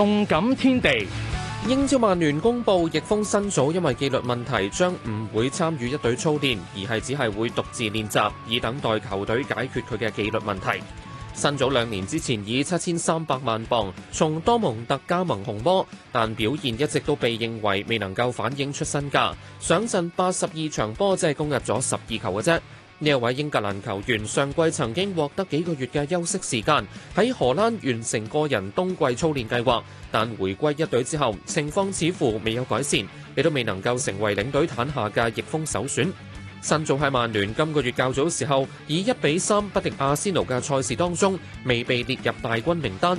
動感天地，英超曼聯公布，翼鋒辛祖因為紀律問題，將唔會參與一隊操練，而係只係會獨自練習，以等待球隊解決佢嘅紀律問題。辛祖兩年之前以七千三百萬鎊從多蒙特加盟紅魔，但表現一直都被認為未能夠反映出身價，上陣八十二場波，只係攻入咗十二球嘅啫。呢一位英格蘭球員上季曾經獲得幾個月嘅休息時間，喺荷蘭完成個人冬季操練計劃，但回歸一隊之後，情況似乎未有改善，亦都未能夠成為領隊坦夏嘅翼鋒首選。辛祖喺曼聯今個月較早時候以一比三不敵阿仙奴嘅賽事當中，未被列入大軍名單。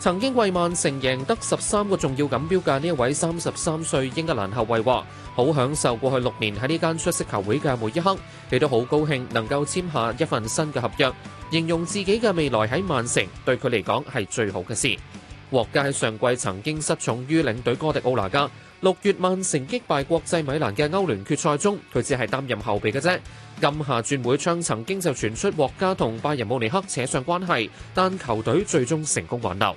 曾經為曼城贏得十三個重要錦標嘅呢一位三十三歲英格蘭後衞話：好享受過去六年喺呢間出色球會嘅每一刻，亦都好高興能夠簽下一份新嘅合約，形容自己嘅未來喺曼城對佢嚟講係最好嘅事。霍加喺上季曾經失寵於領隊哥迪奧拿加，六月曼城擊敗國際米蘭嘅歐聯決賽中，佢只係擔任後備嘅啫。今夏轉會窗曾經就傳出獲加同拜仁慕尼黑扯上關係，但球隊最終成功挽留。